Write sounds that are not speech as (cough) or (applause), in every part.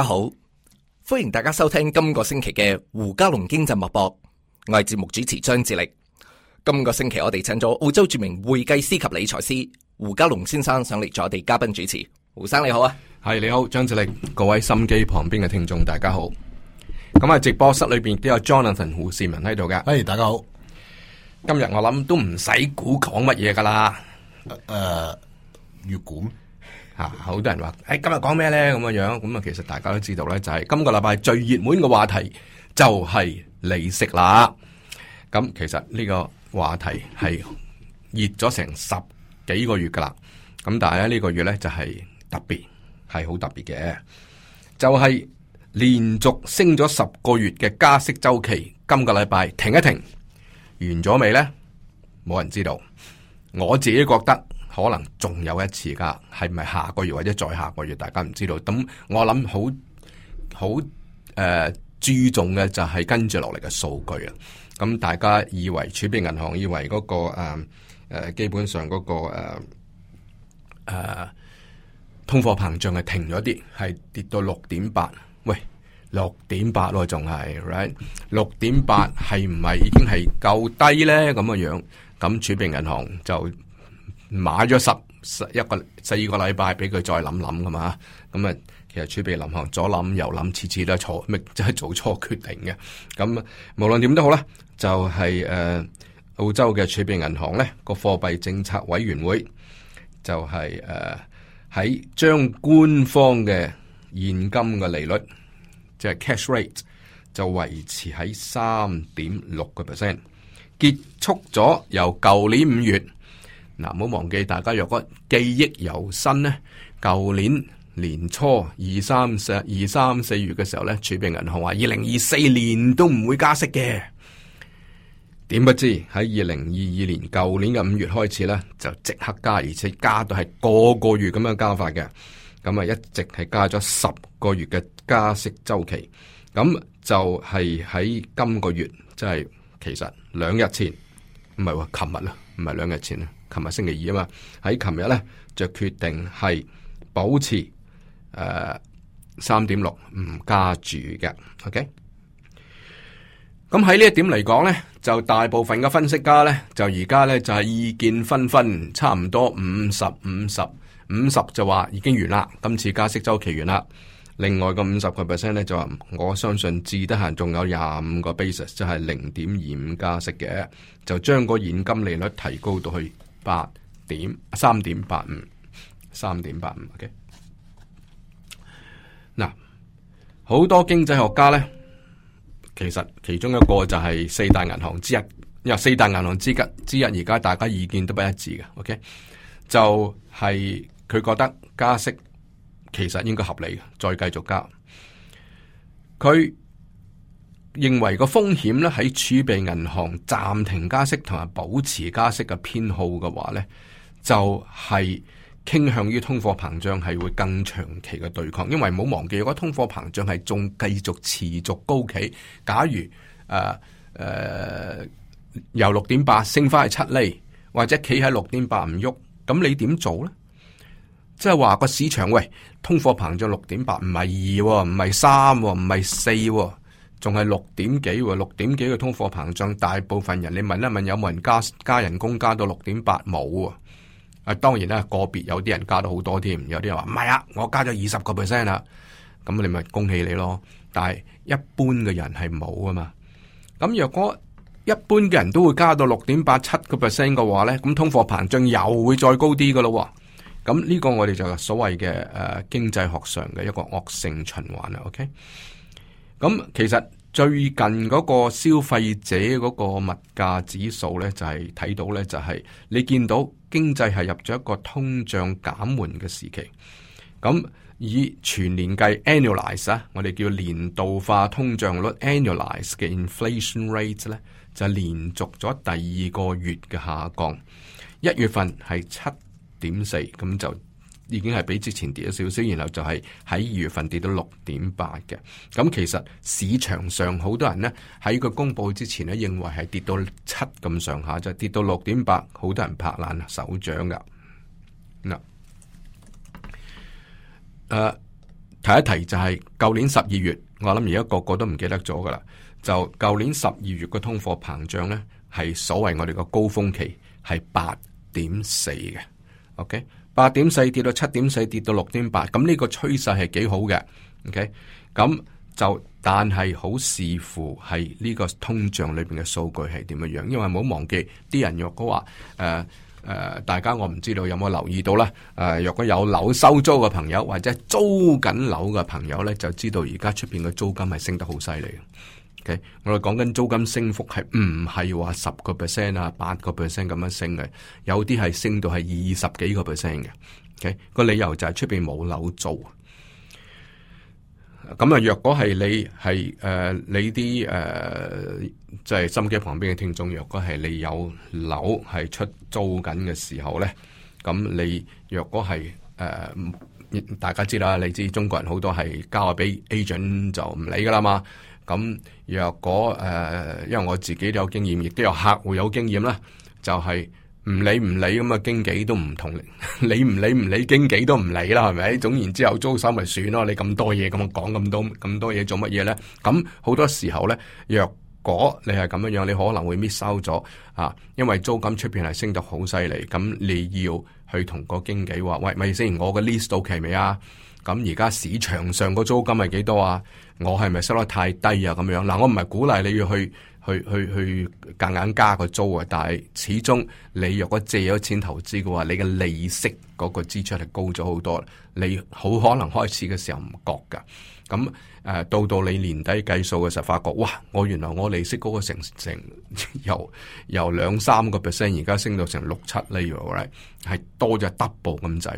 大家好，歡迎大家收聽今個星期嘅胡嘉龍經濟脈搏，我係節目主持張志力。今個星期我哋請咗澳洲著名會計師及理財師胡嘉龍先生上嚟做我哋嘉賓主持。胡生你好啊，係你好，張志力，各位心機旁邊嘅聽眾大家好。咁啊，直播室裏邊都有 Jonathan 胡士文喺度嘅，誒、hey，大家好。今日我諗都唔使估講乜嘢噶啦，誒、uh, uh，要估。啊！好多人話，誒、哎，今日講咩呢？咁嘅樣，咁啊，其實大家都知道呢，就係今個禮拜最熱門嘅話題就係利息啦。咁其實呢個話題係熱咗成十幾個月噶啦。咁但係呢個月呢，就係特別，係好特別嘅，就係連續升咗十個月嘅加息周期，今個禮拜停一停，完咗未呢？冇人知道，我自己覺得。可能仲有一次噶，係咪下個月或者再下個月，大家唔知道。咁我諗好好誒注重嘅就係跟住落嚟嘅數據啊。咁大家以為儲備銀行以為嗰個誒誒，基本上嗰個誒誒通貨膨脹係停咗啲，係跌到六點八。喂，六點八咯，仲係，right？六點八係唔係已經係夠低咧？咁嘅樣，咁儲備銀行就。買咗十十一個十二個禮拜，俾佢再諗諗㗎嘛。咁啊，其實儲備銀行左諗右諗，次次都係錯，即係做錯決定嘅。咁無論點都好啦，就係、是、誒、呃、澳洲嘅儲備銀行咧，個貨幣政策委員會就係誒喺將官方嘅現金嘅利率即係、就是、cash rate 就維持喺三點六個 percent，結束咗由舊年五月。嗱，唔好忘記，大家若果記憶猶新呢，舊年年初二三四二三四月嘅時候呢，儲備銀行話二零二四年都唔會加息嘅。點不知喺二零二二年舊年嘅五月開始呢，就即刻加，而且加到係個個月咁樣加法嘅，咁啊一直係加咗十個月嘅加息週期。咁就係喺今個月，即係其實兩日前，唔係話琴日啦，唔係兩日前啦。琴日星期二啊嘛，喺琴日咧就決定係保持誒三點六唔加住嘅。OK，咁喺呢一點嚟講咧，就大部分嘅分析家咧，就而家咧就係意見紛紛，差唔多五十五十五十就話已經完啦，今次加息週期完啦。另外個五十個 percent 咧就話，我相信至得閒仲有廿五個 basis，就係零點二五加息嘅，就將個現金利率提高到去。八點三點八五，三點八五。O K，嗱，好多經濟學家咧，其實其中一個就係四大銀行之一，四大銀行之一之一。而家大家意見都不一致嘅。O K，就係佢覺得加息其實應該合理嘅，再繼續加佢。認為個風險咧，喺儲備銀行暫停加息同埋保持加息嘅偏好嘅話咧，就係傾向於通貨膨脹係會更長期嘅對抗。因為唔好忘記，如果通貨膨脹係仲繼續持續高企，假如誒誒、呃呃、由六點八升翻去七厘，或者企喺六點八唔喐，咁你點做咧？即係話個市場喂，通貨膨脹六點八唔係二喎，唔係三喎，唔係四喎。仲係六點幾喎？六點幾嘅通貨膨脹，大部分人你問一問有冇人加加人工加到六點八冇啊？當然啦，個別有啲人加到好多添，有啲人話唔係啊，我加咗二十個 percent 啦。咁你咪恭喜你咯。但係一般嘅人係冇吖嘛。咁若果一般嘅人都會加到六點八七個 percent 嘅話咧，咁通貨膨脹又會再高啲噶咯。咁呢個我哋就所謂嘅誒、呃、經濟學上嘅一個惡性循環啦。OK。咁其實最近嗰個消費者嗰個物價指數咧，就係、是、睇到咧，就係、是、你見到經濟係入咗一個通脹減緩嘅時期。咁以全年計 annualize 啊，我哋叫年度化通脹率 annualize 嘅 inflation rate 咧，就連續咗第二個月嘅下降。一月份係七點四，咁就。已經係比之前跌咗少少，然後就係喺二月份跌到六點八嘅。咁其實市場上好多人呢，喺個公布之前呢，認為係跌到七咁上下，就跌到六點八，好多人拍爛手掌噶。嗱，誒、啊，提一提就係舊年十二月，我諗而家個個都唔記得咗噶啦。就舊年十二月嘅通貨膨脹呢，係所謂我哋個高峰期係八點四嘅。OK。八點四跌到七點四跌到六點八，咁呢個趨勢係幾好嘅，OK？咁就但係好視乎係呢個通脹裏邊嘅數據係點樣樣，因為唔好忘記，啲人若果話誒誒，大家我唔知道有冇留意到啦，誒、呃，若果有樓收租嘅朋友或者租緊樓嘅朋友呢，就知道而家出邊嘅租金係升得好犀利。Okay, 我哋講緊租金升幅係唔係話十個 percent 啊，八個 percent 咁樣升嘅，有啲係升到係二十幾個 percent 嘅。Okay, 個理由就係出邊冇樓租。咁啊、呃呃就是，若果係你係誒，你啲誒，即係心機旁邊嘅聽眾，若果係你有樓係出租緊嘅時候咧，咁你若果係誒，大家知啦，你知中國人好多係交俾 agent 就唔理噶啦嘛。咁若果誒、呃，因為我自己都有經驗，亦都有客戶有經驗啦，就係、是、唔理唔理咁嘅經紀都唔同， (laughs) 理唔理唔理經紀都唔理啦，係咪？總言之，有租收咪算咯。你咁多嘢咁講咁多咁多嘢做乜嘢咧？咁好多時候咧，若果你係咁樣樣，你可能會 miss 收咗啊！因為租金出邊係升得好犀利，咁你要去同個經紀話：喂，咪先，我嘅 lease 到期未啊？咁而家市場上個租金係幾多啊？我係咪收得太低啊？咁樣嗱，我唔係鼓勵你要去去去去夾硬加個租啊！但係始終你若果借咗錢投資嘅話，你嘅利息嗰個支出係高咗好多。你好可能開始嘅時候唔覺㗎，咁、呃、到到你年底計數嘅時候，發覺哇！我原來我利息嗰個成成，成由由兩三個 percent，而家升到成六七厘？如果係多咗 double 咁滯。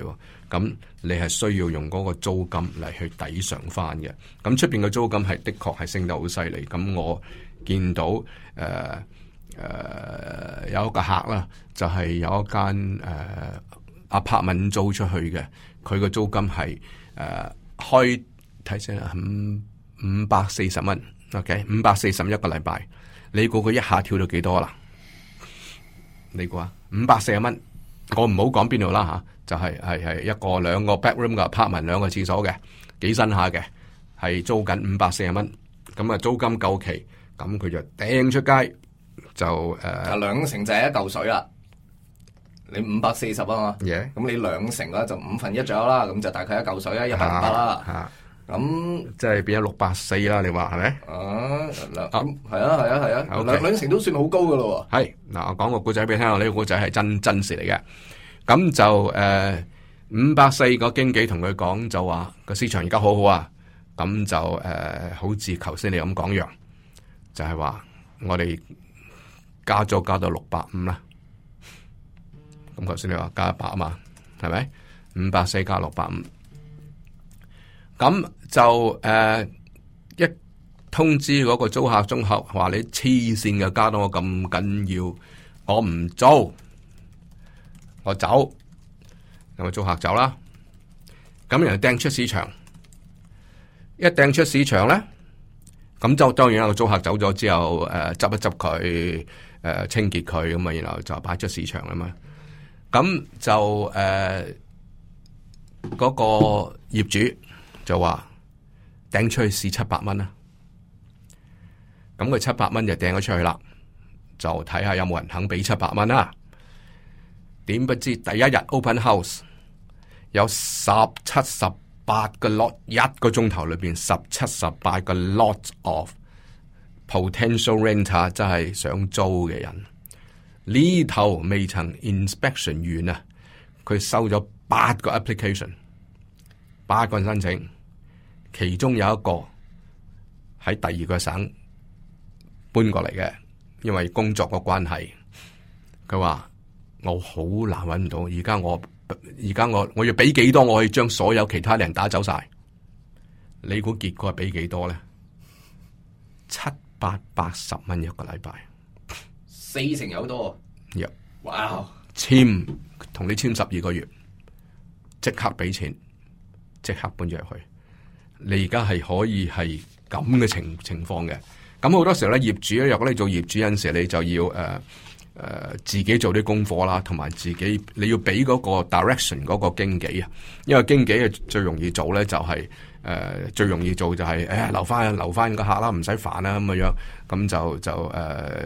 咁你係需要用嗰個租金嚟去抵償翻嘅。咁出邊嘅租金係的確係升得好犀利。咁我見到誒誒、呃呃、有一個客啦，就係、是、有一間誒阿柏敏租出去嘅，佢個租金係誒、呃、開睇先五五百四十蚊。OK，五百四十蚊一個禮拜，你估佢一下跳到幾多啦？你估啊？五百四十蚊，我唔好講邊度啦吓。就係係係一個兩個 bedroom 嘅 apartment 兩個廁所嘅，幾新下嘅，係租緊五百四十蚊，咁啊租金夠期，咁佢就掟出街就誒，啊、呃、兩成就係一嚿水啦，你五百四十啊嘛，嘢，咁你兩成啦就五分一左右啦，咁就大概一嚿水一一百啦，吓，咁即係變咗六百四啦，你話係咪？啊，咁係啊係啊係啊，兩兩成，啊啊啊啊啊 okay. 成都算好高噶咯，係，嗱我講個故仔俾你聽下，呢、這個故仔係真真實嚟嘅。咁就誒，五百四個經紀同佢講就話個市場而家好好啊，咁就誒、呃，好似頭先你咁講樣，樣，就係、是、話我哋加租加到六百五啦。咁頭先你話加一百萬，係咪？五百四加六百五，咁就誒，一通知嗰個租客綜合話你黐線嘅，加到我咁緊要，我唔租。我走，咁啊租客走啦，咁然後掟出市場，一掟出市場咧，咁就當然啦，租客走咗之後，誒、呃、執一執佢，誒、呃、清潔佢咁啊，然後就擺出市場啊嘛，咁就誒嗰、呃那個業主就話掟出去試七百蚊啦，咁佢七百蚊就掟咗出去啦，就睇下有冇人肯俾七百蚊啦。點不知第一日 open house 有十七十八個 lot 一個鐘頭裏邊十七十八個 lot of potential renter 真係想租嘅人呢頭未曾 inspection 完啊，佢收咗八個 application，八個人申請，其中有一個喺第二個省搬過嚟嘅，因為工作嘅關係，佢話。我好難揾唔到，而家我而家我我要俾幾多，我可以將所有其他人打走晒？你估結果係俾幾多咧？七百八,八十蚊一個禮拜，四成有多？哇、yep, wow，簽同你簽十二個月，即刻俾錢，即刻搬咗入去。你而家係可以係咁嘅情情況嘅。咁好多時候咧，業主咧，如果你做業主陣時，你就要誒。Uh, 誒、呃，自己做啲功課啦，同埋自己你要俾嗰個 direction 嗰個經紀啊，因為經紀啊最容易做咧、就是，就係誒最容易做就係、是、誒留翻留翻個客啦，唔使煩啦。咁嘅樣，咁就就誒、呃、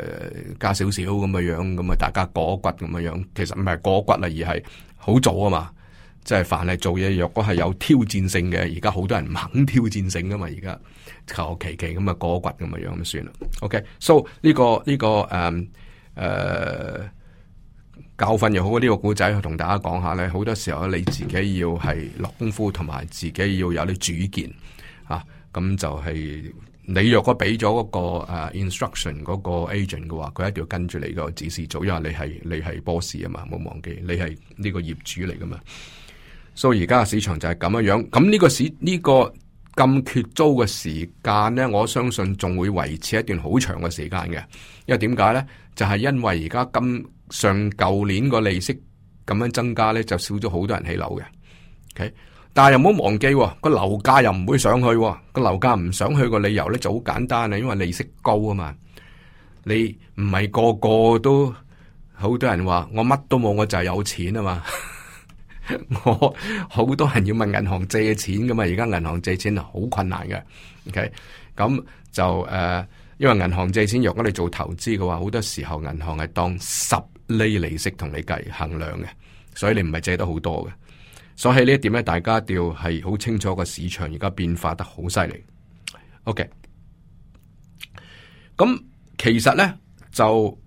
加少少咁嘅樣，咁啊大家過骨咁嘅樣，其實唔係過骨啊，而係好做啊嘛，即、就、係、是、凡係做嘢，若果係有挑戰性嘅，而家好多人猛挑戰性噶嘛，而家求其其咁啊過骨咁嘅樣咁算啦。OK，so、OK？呢、這個呢、這個誒。嗯誒、呃，教訓又好呢、這個故仔，同大家講下咧。好多時候你自己要係落功夫，同埋自己要有啲主見吓。咁、啊、就係你若果俾咗嗰個誒、啊、instruction 嗰個 agent 嘅話，佢一定要跟住你個指示做，因為你係你係 boss 啊嘛，冇忘記你係呢個業主嚟噶嘛。所以而家嘅市場就係咁樣樣。咁呢個市呢個。這個咁缺租嘅時間呢，我相信仲會維持一段好長嘅時間嘅。因為點解呢？就係、是、因為而家咁上舊年個利息咁樣增加呢，就少咗好多人起樓嘅。Okay? 但係又唔好忘記個樓價又唔會上去，哦。個樓價唔上去個理由呢就好簡單啊，因為利息高啊嘛。你唔係個個都好多人話我乜都冇，我就係有錢啊嘛。 (laughs) 我好多人要問銀行借錢噶嘛？而家銀行借錢好困難嘅，OK？咁就誒、呃，因為銀行借錢，若果你做投資嘅話，好多時候銀行係當十厘利息同你計衡量嘅，所以你唔係借得好多嘅。所以呢一點咧，大家一定要係好清楚個市場而家變化得好犀利。OK？咁其實咧就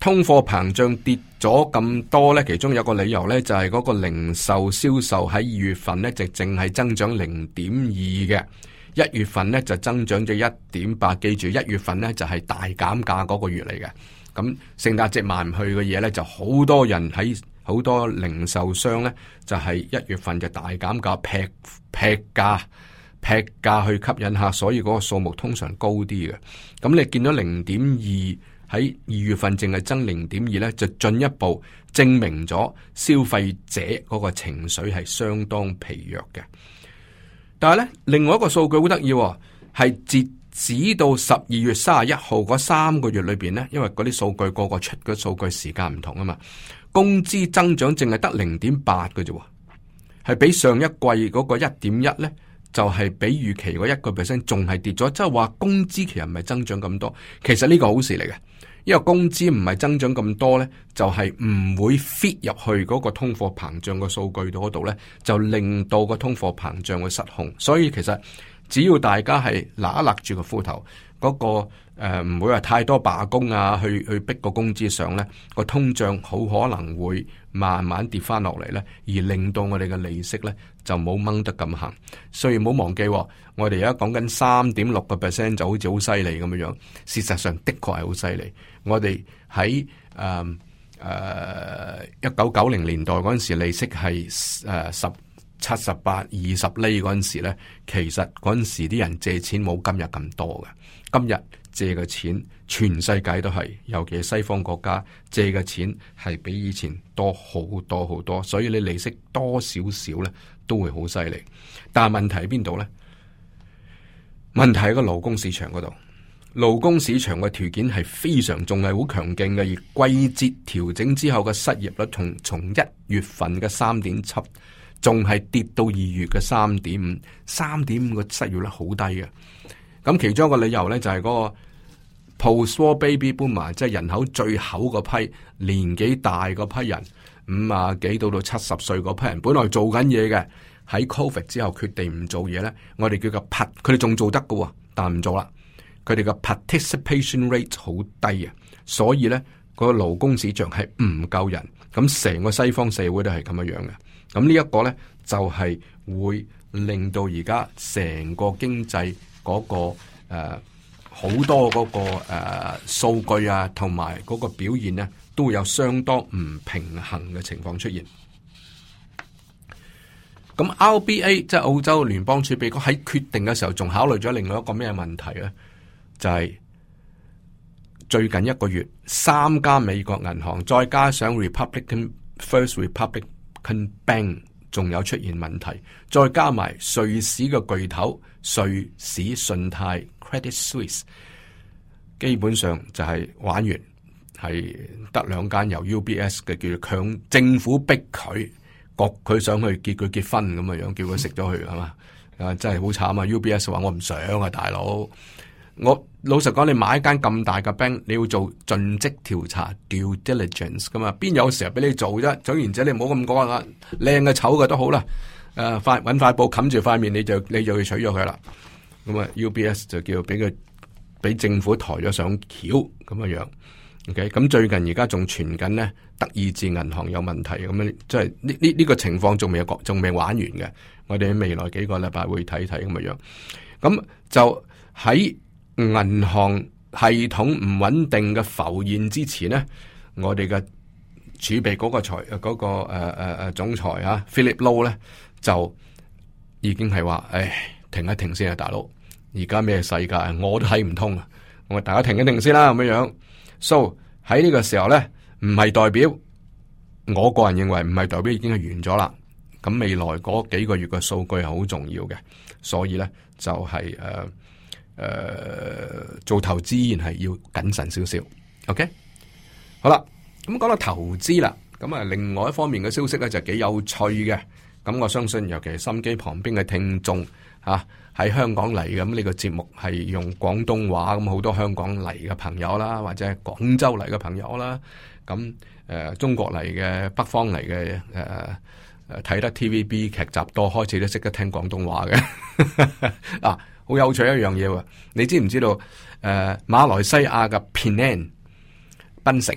通貨膨脹跌咗咁多呢，其中有個理由呢，就係嗰個零售銷售喺二月份呢，就淨係增長零點二嘅，一月份呢，就增長咗一點八。記住，一月份呢，就係大減價嗰個月嚟嘅，咁聖誕節賣唔去嘅嘢呢，就好多人喺好多零售商呢，就係一月份就大減價、劈劈價、劈價去吸引客，所以嗰個數目通常高啲嘅。咁你見到零點二。喺二月份淨係增零點二咧，就進一步證明咗消費者嗰個情緒係相當疲弱嘅。但係咧，另外一個數據好得意，係截止到十二月卅一號嗰三個月裏邊呢，因為嗰啲數據個個出嘅數據時間唔同啊嘛，工資增長淨係得零點八嘅啫，係比上一季嗰個一點一咧，就係比預期嗰一個 percent 仲係跌咗，即係話工資其實唔係增長咁多，其實呢個好事嚟嘅。因為工資唔係增長咁多呢，就係、是、唔會 fit 入去嗰個通貨膨脹嘅數據嗰度呢，就令到個通貨膨脹會失控。所以其實只要大家係揦勒住個褲頭，嗰、那個誒唔、呃、會話太多罷工啊，去去逼個工資上呢，個通脹好可能會慢慢跌翻落嚟呢，而令到我哋嘅利息呢就冇掹得咁行。所以唔好忘記、哦，我哋而家講緊三點六個 percent 就好似好犀利咁樣樣。事實上的確係好犀利。我哋喺誒誒一九九零年代嗰陣時，利息係誒十七、十八、二十厘嗰陣時咧,其實嗰陣時啲人借錢冇今日咁多㗎。今日借嘅錢，全世界都係，尤其西方國家借嘅錢係比以前多好多好多好多，所以你利息多少少咧，都會好犀利。但係問題喺邊度咧？問題喺個勞工市場嗰度。勞工市場嘅條件係非常仲係好強勁嘅，而季節調整之後嘅失業率從從一月份嘅三點七，仲係跌到二月嘅三點五，三點五個失業率好低嘅。咁其中一個理由咧，就係、是、嗰個 post war baby boomer 即係人口最厚嗰批年紀大嗰批人，五啊幾到到七十歲嗰批人，本來在做緊嘢嘅喺 covid 之後決定唔做嘢咧，我哋叫個撇，佢哋仲做得噶，但唔做啦。佢哋嘅 participation rate 好低啊，所以咧個勞工市場係唔夠人，咁成個西方社會都係咁樣樣嘅。咁呢一個咧就係、是、會令到而家成個經濟嗰、那個誒好、呃、多嗰、那個誒數、呃、據啊，同埋嗰個表現咧都會有相當唔平衡嘅情況出現。咁 RBA 即係澳洲聯邦儲備局喺決定嘅時候，仲考慮咗另外一個咩問題咧？就係、是、最近一個月，三間美國銀行，再加上 Republican First Republican Bank，仲有出現問題，再加埋瑞士嘅巨頭瑞士信貸 Credit Suisse，基本上就係玩完，係得兩間由 UBS 嘅叫做強政府逼佢，焗佢想去結佢結婚咁嘅樣，叫佢食咗佢係嘛，啊真係好慘啊！UBS 話我唔想啊，大佬。我老實講，你買一間咁大嘅 bank，你要做盡職調查 due diligence） 噶嘛？邊有成日俾你做啫？總言之，你唔好咁講啦，靚嘅醜嘅都好啦。誒、啊，塊揾塊布冚住塊面，你就你就去取咗佢啦。咁、嗯、啊，UBS 就叫俾佢俾政府抬咗上橋咁嘅樣。OK，咁、嗯、最近而家仲傳緊呢德意志銀行有問題咁樣、嗯，即係呢呢呢個情況仲未國，仲未玩完嘅。我哋喺未來幾個禮拜會睇睇咁嘅樣。咁、嗯、就喺。銀行系統唔穩定嘅浮現之前呢我哋嘅儲備嗰個財嗰、嗰個誒誒誒總裁啊，Philip Lowe 咧就已經係話：，誒，停一停先啊，大佬！而家咩世界啊，我都睇唔通啊！我大家停一停先啦、啊，咁樣樣。So 喺呢個時候咧，唔係代表我個人認為唔係代表已經係完咗啦。咁未來嗰幾個月嘅數據係好重要嘅，所以咧就係、係、誒。啊誒、呃，做投資依然係要謹慎少少，OK？好啦，咁、嗯、講到投資啦，咁、嗯、啊，另外一方面嘅消息咧就幾有趣嘅。咁、嗯、我相信，尤其係心機旁邊嘅聽眾吓喺香港嚟嘅，咁、嗯、呢、這個節目係用廣東話，咁、嗯、好多香港嚟嘅朋友啦，或者係廣州嚟嘅朋友啦，咁、嗯、誒、呃，中國嚟嘅北方嚟嘅誒，睇、呃、得 TVB 劇集多，開始都識得聽廣東話嘅 (laughs) 啊。好有趣一樣嘢喎！你知唔知道？誒、呃，馬來西亞嘅 Penang 檳城，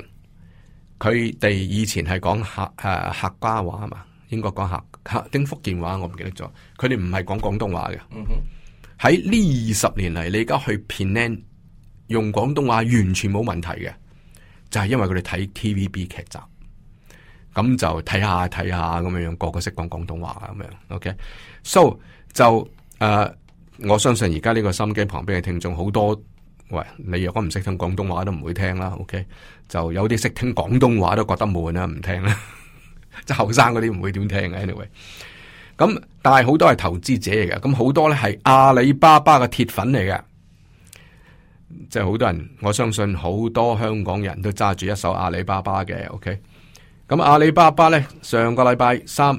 佢哋以前係講客誒、呃、客家話啊嘛，應該講客客丁福建話我，我唔記得咗。佢哋唔係講廣東話嘅。嗯哼，喺呢二十年嚟，你而家去 Penang 用廣東話完全冇問題嘅，就係、是、因為佢哋睇 TVB 劇集，咁就睇下睇下咁樣樣，各個個識講廣東話咁樣。OK，so、okay? 就誒。呃我相信而家呢個收音機旁邊嘅聽眾好多，喂，你若果唔識聽廣東話都唔會聽啦。OK，就有啲識聽廣東話都覺得悶啊，唔聽啦。即後生嗰啲唔會點聽 Anyway，咁但係好多係投資者嚟嘅，咁好多咧係阿里巴巴嘅鐵粉嚟嘅，即係好多人。我相信好多香港人都揸住一手阿里巴巴嘅。OK，咁阿里巴巴咧上個禮拜三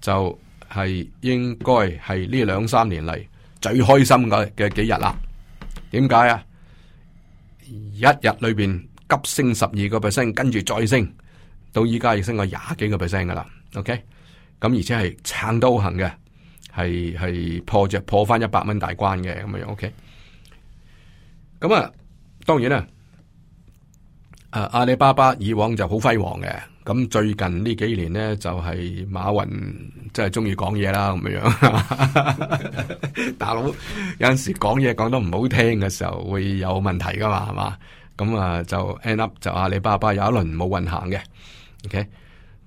就係、是、應該係呢兩三年嚟。最開心嘅嘅幾日啦，點解啊？一日裏邊急升十二個 percent，跟住，再升到依家，已升過廿幾個 percent 噶啦。OK，咁而且係撐都行嘅，係係破著破翻一百蚊大關嘅咁樣。OK，咁啊，當然啦，啊，啊阿里巴巴以往就好輝煌嘅。咁最近呢幾年呢，就係、是、馬雲真係鍾意講嘢啦，咁樣 (laughs) (laughs) 大佬有陣時講嘢講得唔好聽嘅時候，會有問題㗎嘛，係嘛？咁啊就 end up 就阿里巴巴有一輪冇運行嘅，OK？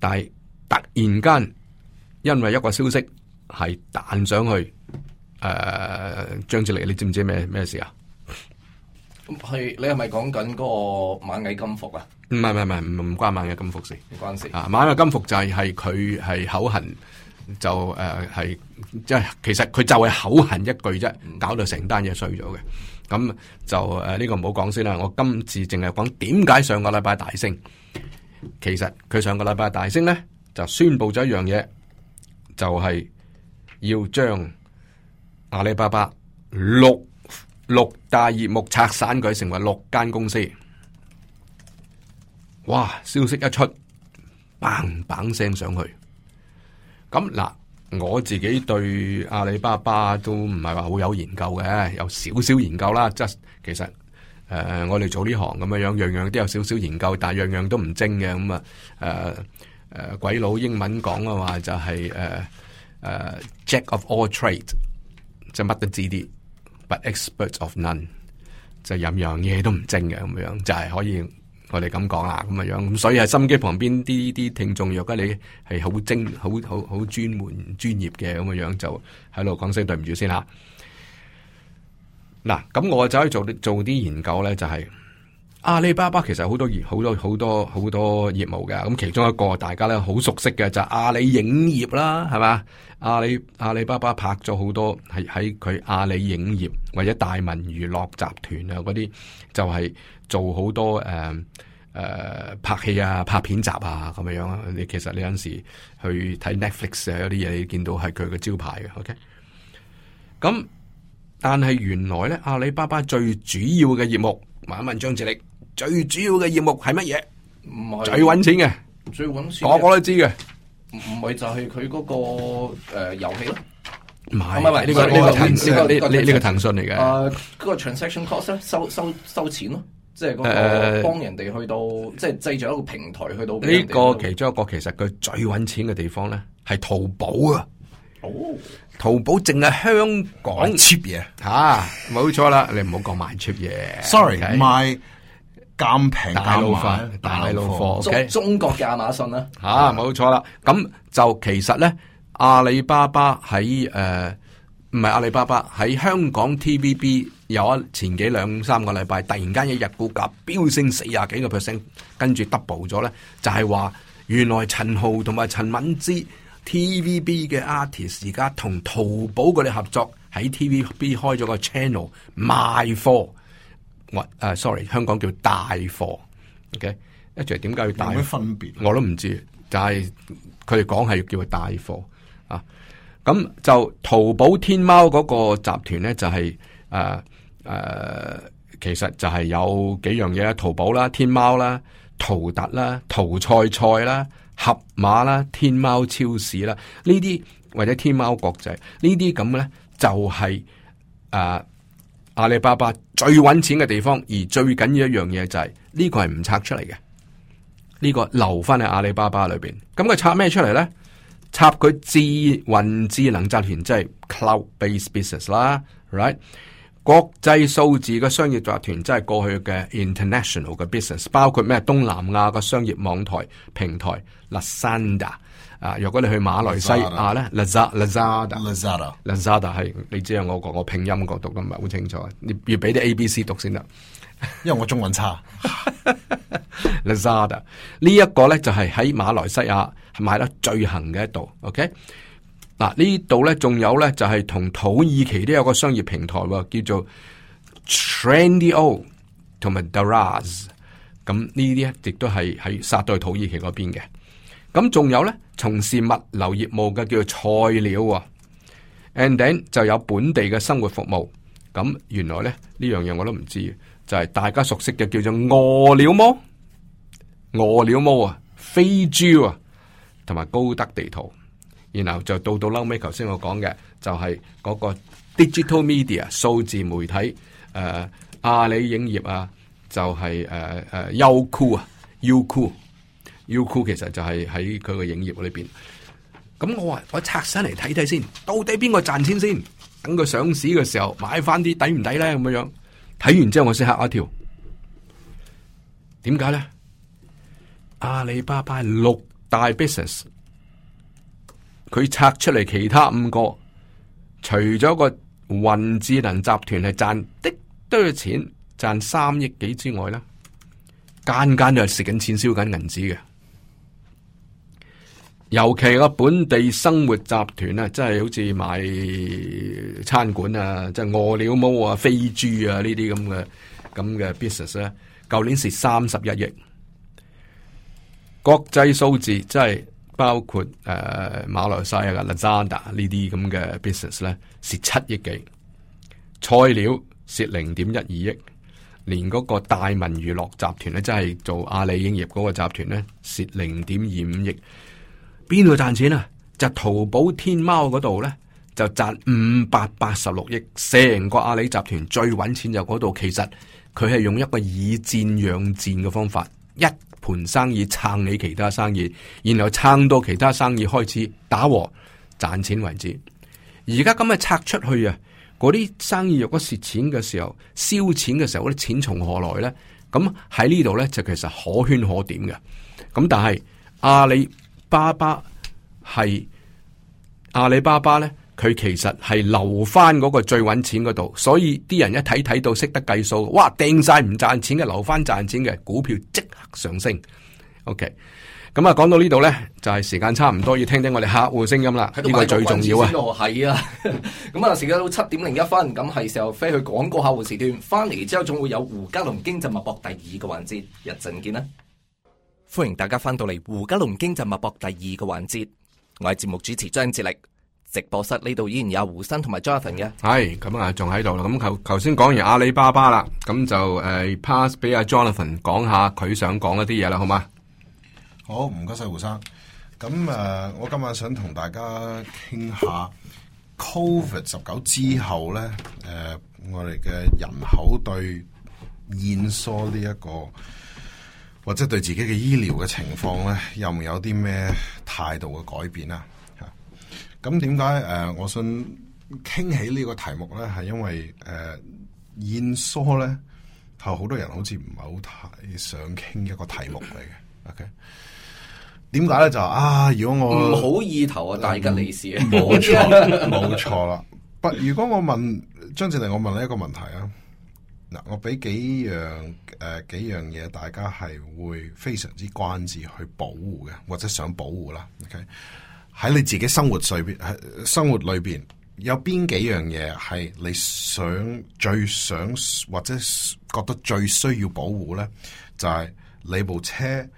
但係突然間因為一個消息係彈上去，誒、呃、張智霖，你知唔知咩咩事啊？係，你係咪講緊嗰個螞蟻金服啊？唔係，唔係，唔唔關螞蟻金服事，唔關事。啊，螞蟻金服就係係佢係口痕就誒係即係其實佢就係口痕一句啫，搞到成單嘢碎咗嘅。咁就誒呢、啊這個唔好講先啦。我今次淨係講點解上個禮拜大升。其實佢上個禮拜大升咧，就宣布咗一樣嘢，就係、是、要將阿里巴巴六。六大業務拆散佢成為六間公司，哇！消息一出，棒棒聲上去。咁嗱，我自己對阿里巴巴都唔係話好有研究嘅，有少少研究啦。即係其實誒，我哋做呢行咁樣樣，樣樣都有少少研究，但係樣樣都唔精嘅。咁啊，誒誒，鬼佬英文講嘅話就係誒誒，Jack of all trade，即乜都知啲。But experts of none，就任樣嘢都唔精嘅咁樣，就係、是、可以我哋咁講啦咁嘅樣，咁所以喺心機旁邊啲啲聽眾，若果你係好精好好好專門專業嘅咁嘅樣，就喺度講聲對唔住先啦嗱，咁我就去做做啲研究咧，就係、是。阿里巴巴其實好多好多好多好多業務嘅，咁其中一個大家咧好熟悉嘅就係阿里影業啦，係嘛？阿里阿里巴巴拍咗好多係喺佢阿里影業或者大文娛樂集團、呃呃、啊嗰啲，就係做好多誒誒拍戲啊拍片集啊咁樣樣啊。你其實你有陣時去睇 Netflix 啊，有啲嘢你見到係佢嘅招牌嘅。OK，咁但係原來咧阿里巴巴最主要嘅業務，問一問張智力。最主要嘅業務係乜嘢？唔係，最揾錢嘅，最揾錢，個個都知嘅。唔唔係就係佢嗰個誒遊戲咯。唔係唔係呢是是、這個呢、這個騰呢呢個騰訊嚟嘅。誒、這個，嗰、這個這個 uh, 個 transaction cost 收收收錢咯，即係嗰個幫人哋去到、uh, 即係製造一個平台去到呢、這個其中一個其實佢最揾錢嘅地方咧係淘寶啊。哦、oh.，淘寶淨係香港、my、cheap 嘢、yeah. 吓、啊，冇錯啦。你唔好講賣 cheap 嘢、yeah.。Sorry，賣 my...。咁平大路快大路貨，okay，中中國嘅亞馬遜啦。嚇，冇錯啦，咁就其實咧阿里巴巴喺誒，唔係阿里巴巴喺香港 T V B 有一前幾兩三個禮拜，突然間一日股價飆升四廿幾個 percent，跟住 double 咗咧，就係、是、話原來陳豪同埋陳敏之 T V B 嘅 artist 而家同淘寶嗰啲合作喺 T V B 開咗個 channel 賣貨。我、uh，誒，sorry，香港叫大貨，ok，一齊，點解要大貨？有咩分別？我都唔知道，就係佢哋講係叫佢大貨啊。咁就淘寶、天貓嗰個集團咧，就係誒誒，其實就係有幾樣嘢啦，淘寶啦、天貓啦、淘特啦、淘菜菜啦、盒馬啦、天貓超市啦，呢啲或者天貓國際呢啲咁咧，就係、是、誒。啊阿里巴巴最揾錢嘅地方，而最緊要的一樣嘢就係、是、呢、這個係唔拆出嚟嘅，呢、這個留翻喺阿里巴巴裏邊。咁佢拆咩出嚟呢？拆佢智雲智能集團，即、就、係、是、cloud-based business 啦，right？國際數字嘅商業集團，即、就、係、是、過去嘅 international 嘅 business，包括咩東南亞嘅商業網台平台 Lazada 啊！如果你去馬來西亞咧，Laz Lazada l a z a 係你知啊，我講我拼音我讀咁唔係好清楚，你要俾啲 A B C 讀先得，因為我中文差。 (laughs) Lazada 呢一個咧就係、是、喺馬來西亞買得最行嘅一度。OK，嗱、啊、呢度咧仲有咧就係、是、同土耳其都有個商業平台喎，叫做 Trendyol 同埋 Daraz，咁、嗯、呢啲咧亦都係喺撒到土耳其嗰邊嘅，咁、嗯、仲有咧。從事物流業務嘅叫做菜鳥啊，and then 就有本地嘅生活服務。咁原來咧呢樣嘢我都唔知，就係、是、大家熟悉嘅叫做餓了麼、餓了麼啊、飛豬啊，同埋高德地圖。然後就到到後尾，頭先我講嘅就係、是、嗰個 digital media 數字媒體，誒、啊、阿里影業啊，就係誒誒優酷啊，優、啊、酷。Youku, Youku, u 優酷其實就係喺佢個影業裏邊，咁我話我拆身嚟睇睇先，到底邊個賺錢先？等佢上市嘅時候買翻啲抵唔抵咧？咁樣樣，睇完之後我先吓一跳，點解咧？阿里巴巴六大 business，佢拆出嚟其他五個，除咗個雲智能集團係賺的多錢，賺三億幾之外咧，間間都係蝕緊錢、燒緊銀紙嘅。尤其個本地生活集團啊，即係好似買餐館啊，即係餓了麼啊、飛豬啊呢啲咁嘅咁嘅 business 咧，舊年蝕三十一億。國際數字即係包括誒、呃、馬來西亞嘅 Lazada 呢啲咁嘅 business 咧，蝕七億幾。菜鳥蝕零點一二億。連嗰個大文娛樂集團咧，即係做阿里影業嗰個集團咧，蝕零點二五億。邊度賺錢啊？就淘寶、天貓嗰度咧，就賺五百八十六億。成個阿里集團最揾錢就嗰度。其實佢係用一個以戰養戰嘅方法，一盤生意撐你其他生意，然後撐到其他生意開始打和賺錢為止。而家咁咪拆出去啊，嗰啲生意若果蝕錢嘅時候、燒錢嘅時候，嗰啲錢從何來咧？咁喺呢度咧就其實可圈可點嘅。咁但係阿里巴巴係阿里巴巴咧，佢其實係留翻嗰個最揾錢嗰度，所以啲人一睇睇到識得計數，哇掟晒唔賺錢嘅，留翻賺錢嘅股票即刻上升。OK，咁啊講到呢度咧，就係、是、時間差唔多，要聽聽我哋客戶聲音啦，呢、哦這個最重要啊！係啊，咁啊，呵呵時間到七點零一分，咁係時候飛去廣告客戶時段，翻嚟之後仲會有胡嘉龍經濟脈搏第二個環節，一陣見啦。歡迎大家翻到嚟《胡嘉龍經濟脈搏》第二個環節，我係節目主持張志力。直播室呢度依然有胡生同埋 Jonathan 嘅，係咁啊，仲喺度啦。咁頭頭先講完阿里巴巴啦，咁就誒 pass 俾阿 Jonathan 講下佢想講一啲嘢啦，好嘛？好，唔該晒胡生。咁我今晚想同大家傾下 COVID 十九之後咧，誒、呃，我哋嘅人口對收縮呢、這、一個。或者對自己嘅醫療嘅情況咧，又有冇有啲咩態度嘅改變啊？咁點解？誒、呃，我想傾起呢個題目咧，係因為誒，燕、呃、梳咧係好多人好似唔係好太想傾一個題目嚟嘅。O K，點解咧就啊？如果我唔好意頭啊、呃，大吉利是啊，冇錯冇錯啦。不， (laughs) 如果我問張志玲，我問你一個問題啊。嗱，我俾幾樣誒、呃、幾樣嘢，大家係會非常之關注去保護嘅，或者想保護啦。OK，喺你自己生活上邊、生活裏邊，有邊幾樣嘢係你想最想或者覺得最需要保護咧？就係、是、你部車、誒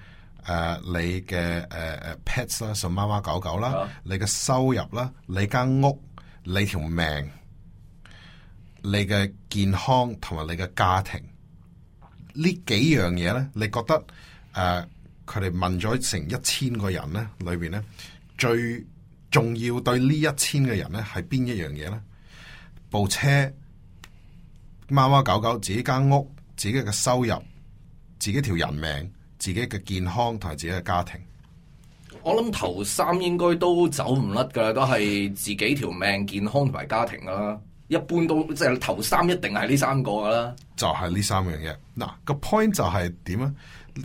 你嘅誒誒 pets 啦，什貓貓狗狗啦，你嘅、呃 uh. 收入啦，你間屋、你條命。你嘅健康同埋你嘅家庭呢幾樣嘢咧，你覺得誒，佢哋問咗成一千個人咧，裏邊咧最重要對呢一千個人咧係邊一樣嘢咧？部車、貓貓狗狗、自己間屋、自己嘅收入、自己條人命、自己嘅健康同埋自己嘅家庭。我諗頭三應該都走唔甩噶啦，都係自己條命、健康同埋家庭噶啦。一般都即係頭三一定係呢三個噶啦，就係、是、呢三樣嘢。嗱個 point 就係點啊？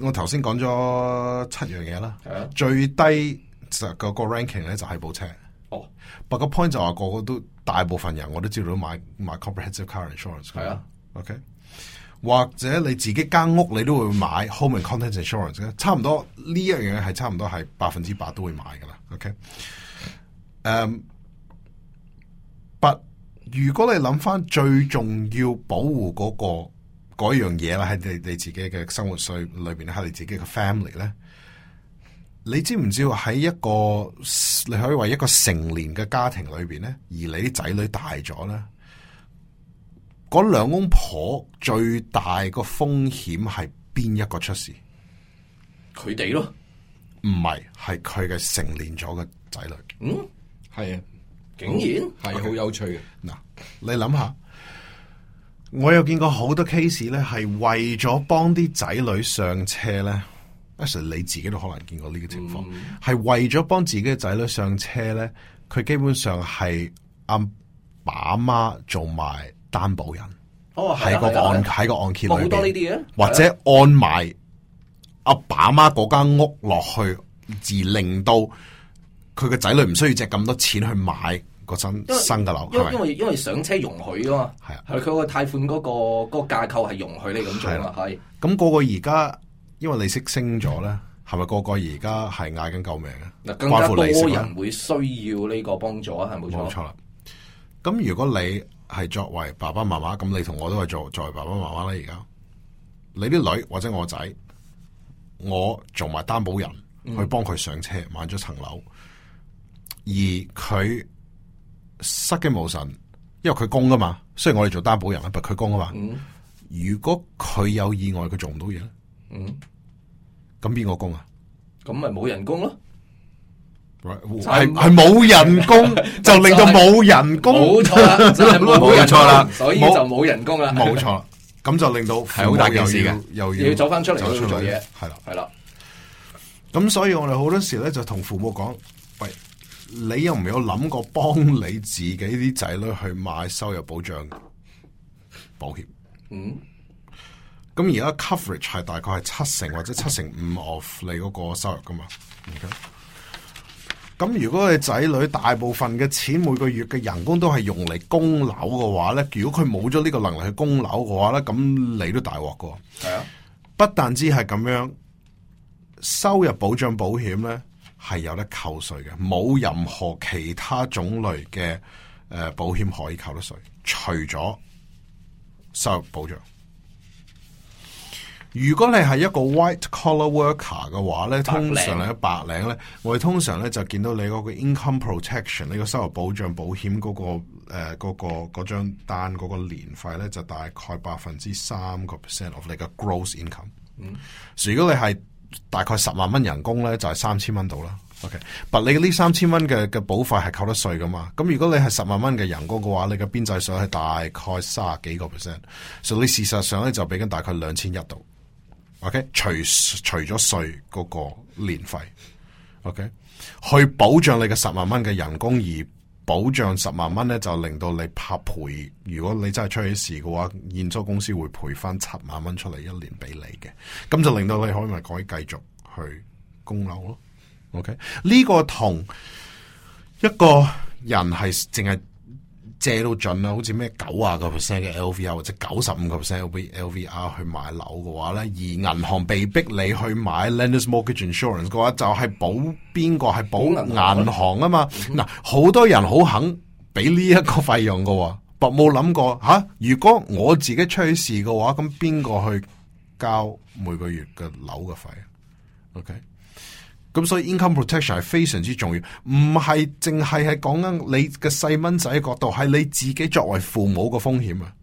我頭先講咗七樣嘢啦，最低就、個個 ranking 咧就係部車。哦，不過個 point 就話、是、個個都大部分人我都知道都買買 comprehensive car insurance 係啊。OK，或者你自己間屋你都會買 home and contents insurance 咧，差唔多呢一樣嘢係差唔多係百分之百都會買噶啦。OK，誒，不。如果你諗翻最重要保護嗰個嗰樣嘢啦，喺你你自己嘅生活水裏邊咧，喺你自己嘅 family 咧，你知唔知喺一個你可以話一個成年嘅家庭裏邊咧，而你啲仔女大咗咧，嗰兩公婆最大個風險係邊一個出事？佢哋咯，唔係，係佢嘅成年咗嘅仔女。嗯，係啊。竟然係好、哦 okay。有趣嘅。嗱，你諗下，我有見過好多 case 咧，係為咗幫啲仔女上車咧，其實你自己都可能見過呢個情況，係、嗯、為咗幫自己嘅仔女上車咧，佢基本上係阿爸阿媽做埋擔保人，喺、哦啊、個案喺、啊啊啊、個按揭裏邊、啊啊，或者按埋阿爸阿媽嗰間屋落去，而令到。佢個仔女唔需要借咁多錢去買個新新嘅樓，因為因為因為上車容許啊嘛，係啊，係佢、啊、個貸款嗰個、個個架構係容許你咁做啊，係、啊。咁、啊個個而家因為利息升咗咧，係、嗯、咪個個而家係嗌緊救命啊？嗱，更加多人會需要呢個幫助啊，係冇錯。冇錯啦。咁如果你係作為爸爸媽媽，咁你同我都係做作為爸爸媽媽啦。而家你啲女或者我仔，我做埋擔保人、嗯、去幫佢上車買咗層樓。而佢失驚無神，因為佢供啊嘛，雖然我哋做擔保人咧，不佢供啊嘛、嗯。如果佢有意外，佢做唔到嘢咧，咁邊個供啊？咁咪冇人工咯？係係冇人工， (laughs) 就令到冇人工。冇錯啦，冇錯啦，所以就冇人工啦。冇錯，咁就令到係好大嘅事嘅，又要,又要,要走翻出嚟做嘢。係啦，係啦。咁所以我哋好多時咧，就同父母講。你又唔有諗過幫你自己啲仔女去買收入保障保險？嗯？咁而家 coverage 係大概係七成或者七成五 off 你嗰個收入噶嘛？咁、okay. 如果你仔女大部分嘅錢每個月嘅人工都係用嚟供樓嘅話咧，如果佢冇咗呢個能力去供樓嘅話咧，咁你都大鑊噶。係啊！不但止係咁樣，收入保障保險咧。係有得扣稅嘅，冇任何其他種類嘅誒、呃、保險可以扣得稅，除咗收入保障。如果你係一個 white collar worker 嘅話咧，通常喺白領咧，我哋通常咧就見到你嗰個 income protection 呢個收入保障保險嗰、嗰個誒嗰、呃嗰個張單嗰個年費咧就大概百分之三個 percent of 你嘅 gross income。嗯。So, 如果你係。大概十萬蚊人工咧就係三千蚊度啦，OK，但你呢三千蚊嘅嘅保費係扣得稅噶嘛？咁如果你係十萬蚊嘅人工嘅話，你嘅邊際稅係大概卅幾個 percent，所以你事實上咧就俾緊大概兩千一度，OK，除除咗稅嗰個年費，OK，去保障你嘅十萬蚊嘅人工而。保障十萬蚊咧，就令到你拍賠。如果你真係出事嘅話，現租公司會賠翻七萬蚊出嚟，一年俾你嘅。咁就令到你可唔可以繼續去供樓咯？OK，呢個同一個人係淨係。借到盡啊，好似咩九啊個 percent 嘅 LVR 或者九十五個 percent 嘅 LVR 去買樓嘅話咧，而銀行被逼你去買 Lenders Mortgage Insurance 嘅話，就係保邊個，係保銀行啊嘛。嗱、嗯，好多人好肯俾呢一個費用嘅，不冇諗過吓、啊？如果我自己出事嘅話，咁邊個去交每個月嘅樓嘅費啊？OK。咁所以 income protection 係非常之重要，唔係淨係係講緊你嘅細蚊仔角度，係你自己作為父母嘅風險啊！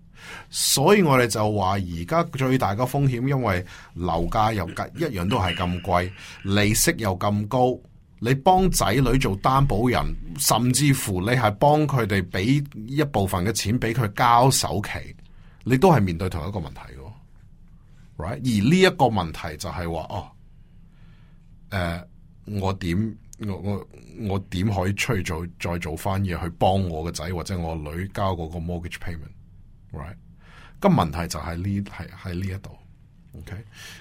所以我哋就話而家最大嘅風險，因為樓價又一樣都係咁貴，利息又咁高，你幫仔女做擔保人，甚至乎你係幫佢哋俾一部分嘅錢俾佢交首期，你都係面對同一個問題嘅，Right？而呢一個問題就係話哦，誒、呃。我點我我我點可以出去做再做翻嘢去幫我個仔或者我女交嗰個 mortgage payment，right？咁問題就係呢係喺呢一度，ok？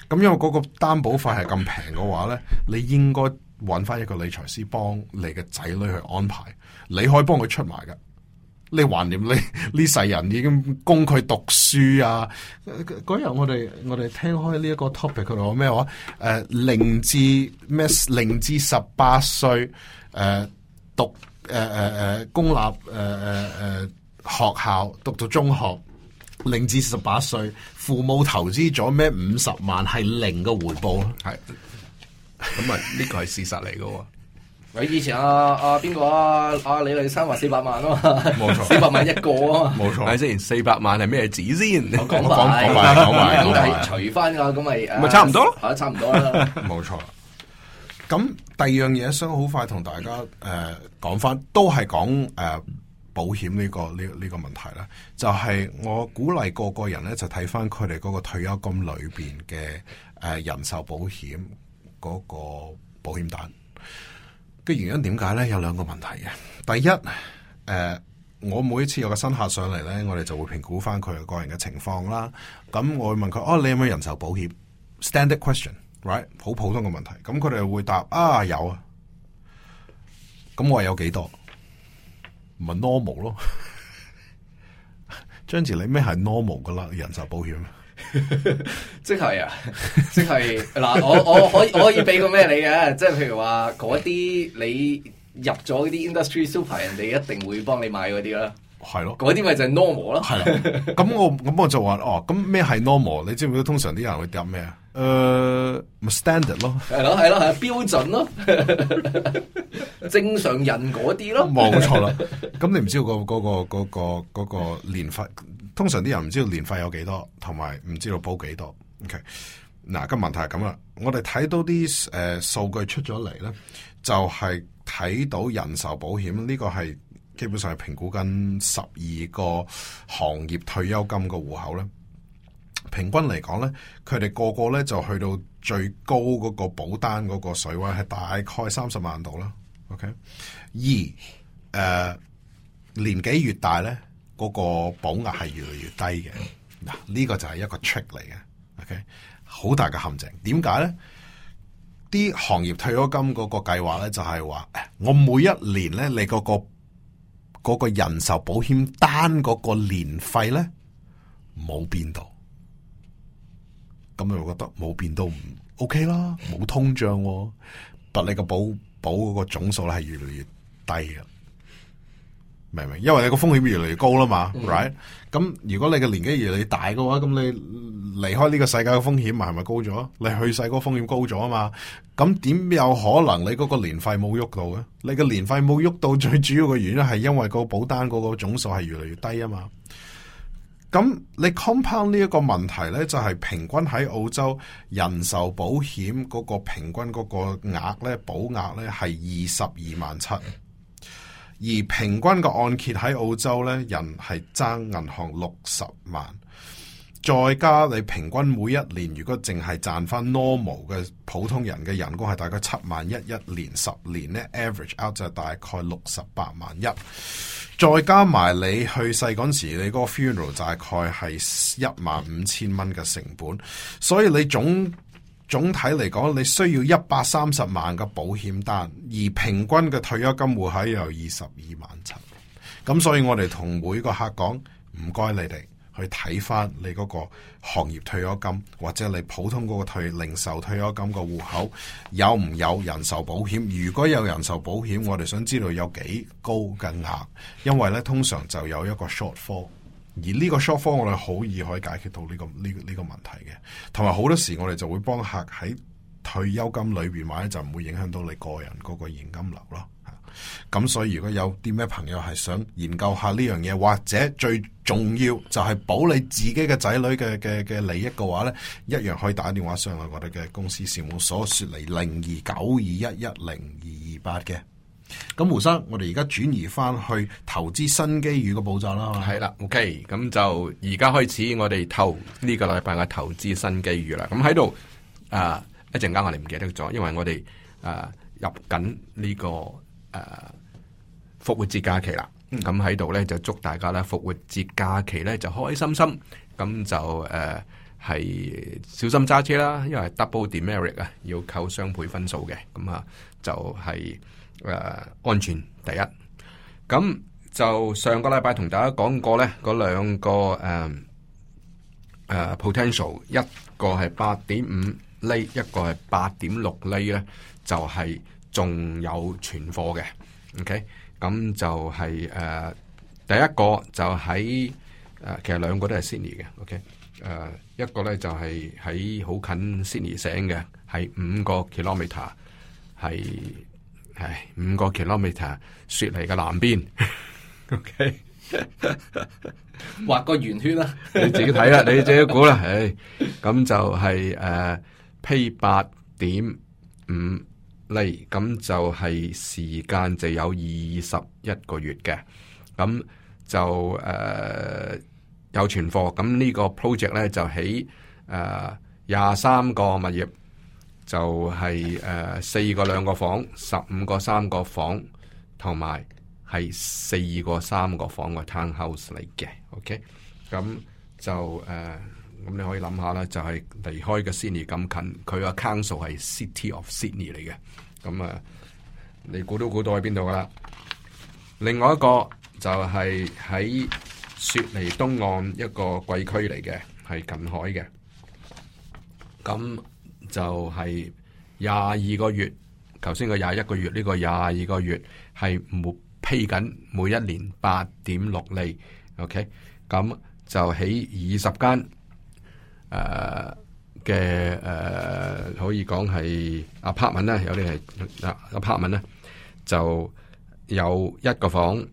咁因為嗰個擔保費係咁平嘅話咧，你應該揾翻一個理財師幫你嘅仔女去安排，你可以幫佢出埋㗎。你懷念你呢世人已經供佢讀書啊！嗰日我哋我哋聽開呢一個 topic 佢話咩話？誒、呃、零至咩零至十八歲誒讀誒誒誒公立誒誒誒學校讀到中學，零至十八歲父母投資咗咩五十萬係零個回報啊！係咁啊，呢個係事實嚟噶喎。喂，以前阿阿邊個阿阿李麗珊話四百萬啊嘛，冇錯，四百萬一個啊嘛，冇錯，係即係四百萬係咩紙先？港幣，講幣，港 (laughs) 埋，咁就係除翻噶，咁咪咪差唔多咯，差唔多啦，冇錯。咁第二樣嘢想好快同大家誒講翻，都係講誒保險呢個呢呢個問題啦。就係、是、我鼓勵個個人咧，就睇翻佢哋嗰個退休金裏邊嘅誒人壽保險嗰個保險單。嘅原因點解咧？有兩個問題嘅。第一，誒、呃，我每一次有一個新客上嚟咧，我哋就會評估翻佢個人嘅情況啦。咁我會問佢：哦、啊，你有冇人壽保險？Standard question，right？好普通嘅問題。咁佢哋會答：啊，有啊。咁我有幾多？唔係 normal 咯。 (laughs) 張志你咩係 normal 噶啦？人壽保險？ (laughs) 即係啊，即係嗱，我我，我可以我可以俾個咩你嘅，即係譬如話嗰啲你入咗嗰啲 industry super，人哋一定會幫你買嗰啲啦。係咯，嗰啲咪就係 normal 咯。係啦，咁 (laughs) 我咁我就話哦，咁咩係 normal？你知唔知通常啲人會揀咩啊？誒、uh，standard 咯，係咯係咯係標準咯， (laughs) 正常人嗰啲咯，冇錯啦。咁你唔知道嗰、嗰個、嗰個、嗰個年費、嗰個嗰個，通常啲人唔知道年費有幾多，同埋唔知道保幾多。OK，嗱，今問題係咁啦，我哋睇到啲誒數據出咗嚟咧，就係、是、睇到人壽保險呢、這個係基本上係評估緊十二個行業退休金嘅戶口呢。平均嚟講咧，佢哋個個咧就去到最高嗰個保單嗰個水位係大概三十萬度啦。OK，二誒年紀越大咧，嗰個保額係越來越低嘅。嗱，呢個就係一個 trick 嚟嘅。OK，好大嘅陷阱。點解咧？啲行業退休金嗰個計劃咧就係話，我每一年咧你嗰個嗰個人壽保險單嗰個年費咧冇變到。咁你會覺得冇變到唔 OK 啦，冇通脹啊，但你個保保個總數係越嚟越低啊，明唔明？因為你個風險越嚟越高啦嘛 (laughs) ，right？咁如果你嘅年紀越嚟越大嘅話，咁你離開呢個世界嘅風險係咪高咗？你去世嗰個風險高咗啊嘛？咁點有可能你嗰個年費冇喐到咧？你嘅年費冇喐到，最主要嘅原因係因為個保單嗰個總數係越嚟越低啊嘛。咁你 compound 呢一個問題呢，就係平均喺澳洲人壽保險嗰個平均嗰個額呢，保額呢係二十二萬七，而平均個按揭喺澳洲呢，人係爭銀行六十萬，再加你平均每一年如果淨係賺翻 normal 嘅普通人嘅人工係大概七萬一一年，十年呢 average out 就係大概六十八萬一。再加埋你去世陣時，你個 funeral 大概係一萬五千蚊嘅成本，所以你總總體嚟講，你需要一百三十萬嘅保險單，而平均嘅退休金會喺有二十二萬七，咁所以我哋同每個客講，唔該你哋。去睇翻你嗰個行業退休金，或者你普通嗰個退零售退休金個戶口有唔有人壽保險？如果有人壽保險，我哋想知道有幾高嘅額，因為呢通常就有一個 shortfall，而呢個 shortfall 我哋好易可以解決到呢、呢個呢呢、呢個問題嘅。同埋好多時我哋就會幫客喺退休金裏邊買，就唔會影響到你個人嗰個現金流咯。咁所以，如果有啲咩朋友係想研究下呢樣嘢，或者最重要就係保你自己嘅仔女嘅嘅嘅利益嘅話咧，一樣可以打電話上來我哋嘅公司事務所說 029, 21, 10,，說嚟零二九二一一零二二八嘅。咁胡生，我哋而家轉移翻去投資新機遇嘅步驟啦，係啦，OK。咁就而家開始我哋投呢個禮拜嘅投資新機遇啦。咁喺度啊，一陣間我哋唔記得咗，因為我哋誒、呃、入緊呢、呢個。誒，復活節假期啦，咁喺度咧就祝大家咧復活節假期咧就開心心，咁就誒係、uh, 小心揸車啦，因為 double demerit 啊，要扣雙倍分數嘅，咁啊就係、是、誒、uh, 安全第一。咁就上個禮拜同大家講過咧，嗰兩個誒誒、uh, uh, potential，一個係八點五厘，一個係八點六厘咧，就係、是。仲有存貨嘅，OK，咁就係、是、誒、呃、第一個就喺誒、呃，其實兩個都係 Sydney 嘅，OK，誒、呃、一個咧就係喺好近 Sydney 城嘅，係五個 kilometer，係係五個 kilometer 雪梨嘅南邊，OK，畫個圓圈啦，你自己睇啦，你自己估啦，係 (laughs) 咁、哎、就係誒 P 八點五。呃嚟，咁就係時間就有二十一個月嘅，咁就誒、uh, 有存貨。咁呢個 project 咧就喺誒廿三個物業，就係誒四個兩個房、十五個三個房，同埋係四個三個房嘅 townhouse 嚟嘅。OK，咁就誒。Uh, 咁你可以諗下啦，就係、是、離開嘅 Sydney 咁近，佢個 Council 係 City of Sydney 嚟嘅。咁啊，你估都估到喺邊度噶啦？另外一個就係喺雪梨東岸一個貴區嚟嘅，係近海嘅。咁就係廿二個月，頭先個廿一個月呢、這個廿二個月係冇批緊，每一年八點六厘。OK，咁就喺二十間。誒嘅誒可以講係阿帕文咧，有啲係嗱阿帕文咧，就有一個房、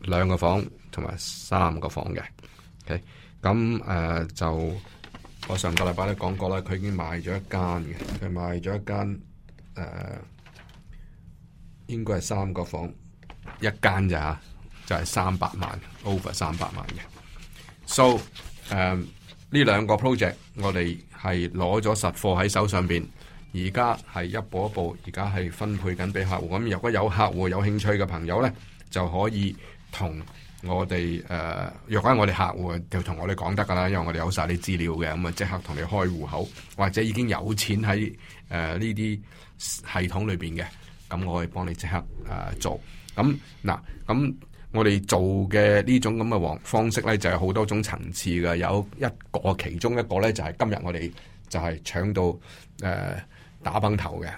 兩個房同埋三個房嘅。OK，咁誒就我上個禮拜咧講過啦，佢已經買咗一間嘅，佢買咗一間誒應該係三個房一間咋嚇，就係三百萬 over 三百萬嘅。So 誒。呢兩個 project 我哋係攞咗實貨喺手上邊，而家係一步一步，而家係分配緊俾客戶。咁如果有客戶有興趣嘅朋友呢，就可以同我哋誒、呃，若果係我哋客戶就同我哋講得㗎喇，因為我哋有晒啲資料嘅，咁啊即刻同你開戶口，或者已經有錢喺誒呢啲系統裏邊嘅，咁我可以幫你即刻誒、呃、做。咁嗱咁。我哋做嘅呢種咁嘅方式咧，就係、是、好多種層次嘅，有一個其中一個咧，就係、是、今日我哋就係搶到誒、呃、打崩頭嘅，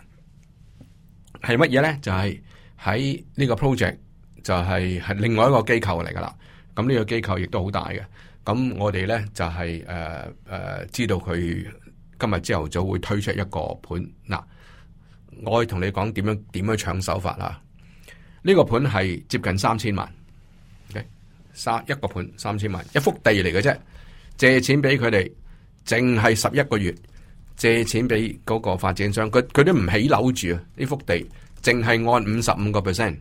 係乜嘢咧？就係喺呢個 project 就係、是、係另外一個機構嚟噶啦。咁、嗯、呢、這個機構亦都好大嘅。咁、嗯、我哋咧就係誒誒知道佢今日朝頭早會推出一個盤嗱，我會同你講點樣點樣搶手法啦。呢、這個盤係接近三千萬。三一個盤三千萬一幅地嚟嘅啫，借錢俾佢哋，淨係十一個月借錢俾嗰個發展商，佢佢都唔起樓住啊！呢幅地淨係按五十五個 percent，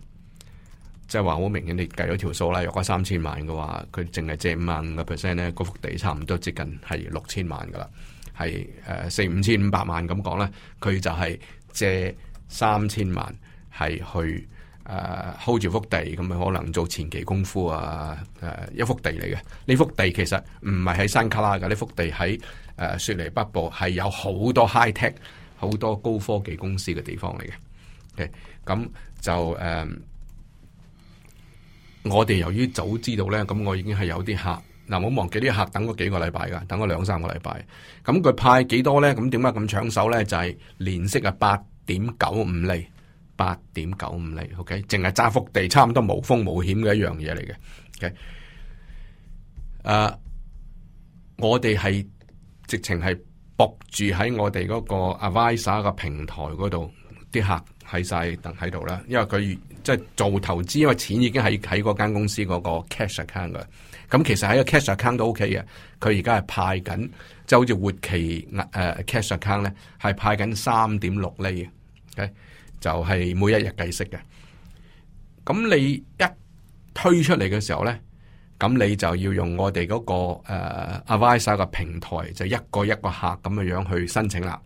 即係話好明顯，你計咗條數啦。若果三千萬嘅話，佢淨係借五萬五個 percent 咧，嗰幅地差唔多接近係六千萬噶啦，係誒、呃、四五千五百萬咁講咧，佢就係借三千萬係去。誒、啊、hold 住幅地咁啊，可能做前期功夫啊，啊一幅地嚟嘅，呢幅地其實唔係喺山卡拉㗎。呢幅地喺、啊、雪梨北部係有好多 high tech 好多高科技公司嘅地方嚟嘅。咁、啊、就誒、啊、我哋由於早知道咧，咁我已經係有啲客嗱，冇、啊、忘記啲客等咗幾個禮拜㗎，等咗兩三個禮拜。咁佢派幾多咧？咁點解咁搶手咧？就係年息啊，八點九五厘。八點九五厘，OK，淨係揸幅地，差唔多無風無險嘅一樣嘢嚟嘅。OK，誒、uh,，是我哋係直情係博住喺我哋嗰個 advisor 嘅平台嗰度，啲客喺晒等喺度啦。因為佢即係做投資，因為錢已經喺喺嗰間公司嗰個 cash account 嘅。咁其實喺個 cash account 都 OK 嘅。佢而家係派緊，即、就、係、是、好似活期誒、uh, uh, cash account 咧，係派緊三點六厘嘅。Okay? 就係、是、每一日計息嘅，咁你一推出嚟嘅時候呢，咁你就要用我哋嗰、那個誒 Avisa 個平台，就一個一個客咁嘅樣去申請啦。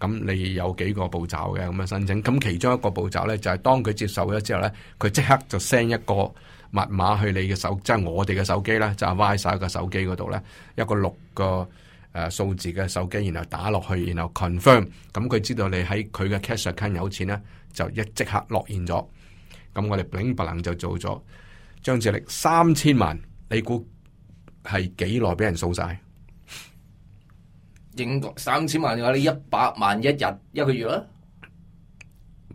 咁你有幾個步驟嘅咁樣申請，咁其中一個步驟呢，就係、是、當佢接受咗之後呢，佢即刻就 send 一個密碼去你嘅手，即、就、係、是、我哋嘅手機啦，就 Avisa 個手機嗰度呢，一個六個。誒，數字嘅手機，然後打落去，然後 confirm，咁、嗯、佢知道你喺佢嘅 cash account 有錢咧，就一即刻落現咗。咁、嗯、我哋冚唪冷就做咗張智力 3, 三千萬，你估係幾耐俾人掃晒？英國三千萬嘅話，你一百萬一日一個月咯，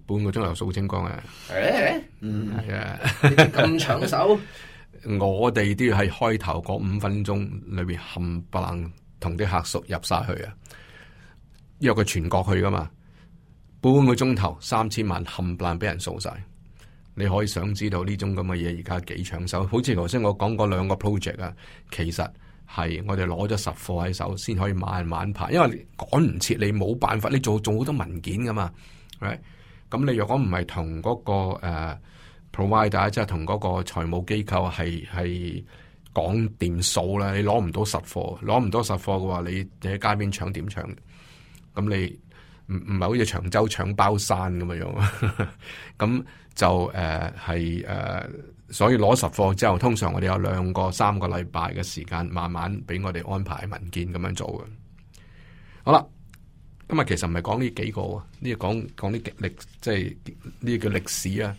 半個鐘頭掃清光啊！誒、欸，嗯，係啊，咁搶手， (laughs) 我哋都要係開頭嗰五分鐘裏邊冚唪冷。同啲客熟入晒去啊！約佢全國去噶嘛？半個鐘頭三千萬冚唪唥俾人掃晒。你可以想知道呢種咁嘅嘢而家幾搶手？好似頭先我講嗰兩個 project 啊，其實係我哋攞咗十貨喺手先可以慢慢排，因為你趕唔切，你冇辦法，你做做好多文件噶嘛。咁、right? 你若果唔係同嗰個 provider，即係同嗰個財務機構係係。講掂數啦，你攞唔到實貨，攞唔到實貨嘅話，你喺街邊搶點搶？咁你唔唔係好似長洲搶包山咁樣樣？咁 (laughs) 就誒係誒，所以攞實貨之後，通常我哋有兩個三個禮拜嘅時間，慢慢俾我哋安排文件咁樣做嘅。好啦，今日其實唔係講呢幾個，呢個講講啲歷，即係呢個叫歷史啊。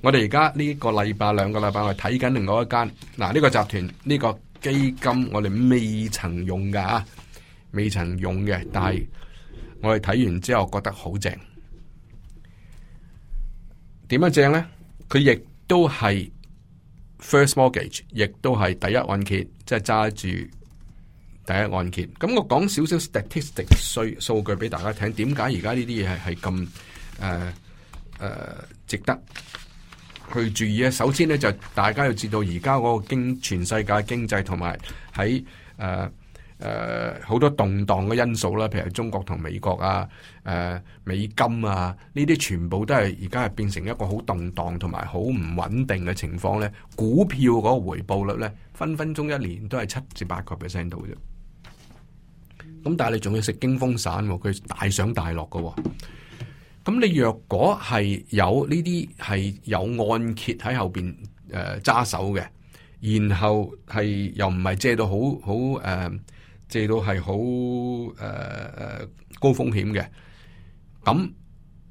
我哋而家呢個禮拜兩個禮拜，我睇緊另外一間，嗱，呢個集團呢個基金我哋未曾用噶啊，未曾用嘅，但係我哋睇完之後覺得好正。點樣正咧？佢亦都係 first mortgage，亦都係第一按揭，即係揸住第一按揭。咁我講少少 statistics 數數據俾大家聽，點解而家呢啲嘢，係係咁誒誒值得去注意啊！首先咧，就大家要知道而家嗰個經全世界的經濟同埋喺誒誒好多動盪嘅因素啦，譬如中國同美國啊，誒、呃、美金啊，呢啲全部都係而家係變成一個好動盪同埋好唔穩定嘅情況咧。股票嗰個回報率咧，分分鐘一年都係七至八個 percent 度啫。咁但係你仲要食驚風散喎，佢大上大落噶，哦。咁你若果係有呢啲係有按揭喺後邊誒揸手嘅，然後係又唔係借到好好誒，借到係好誒高風險嘅，咁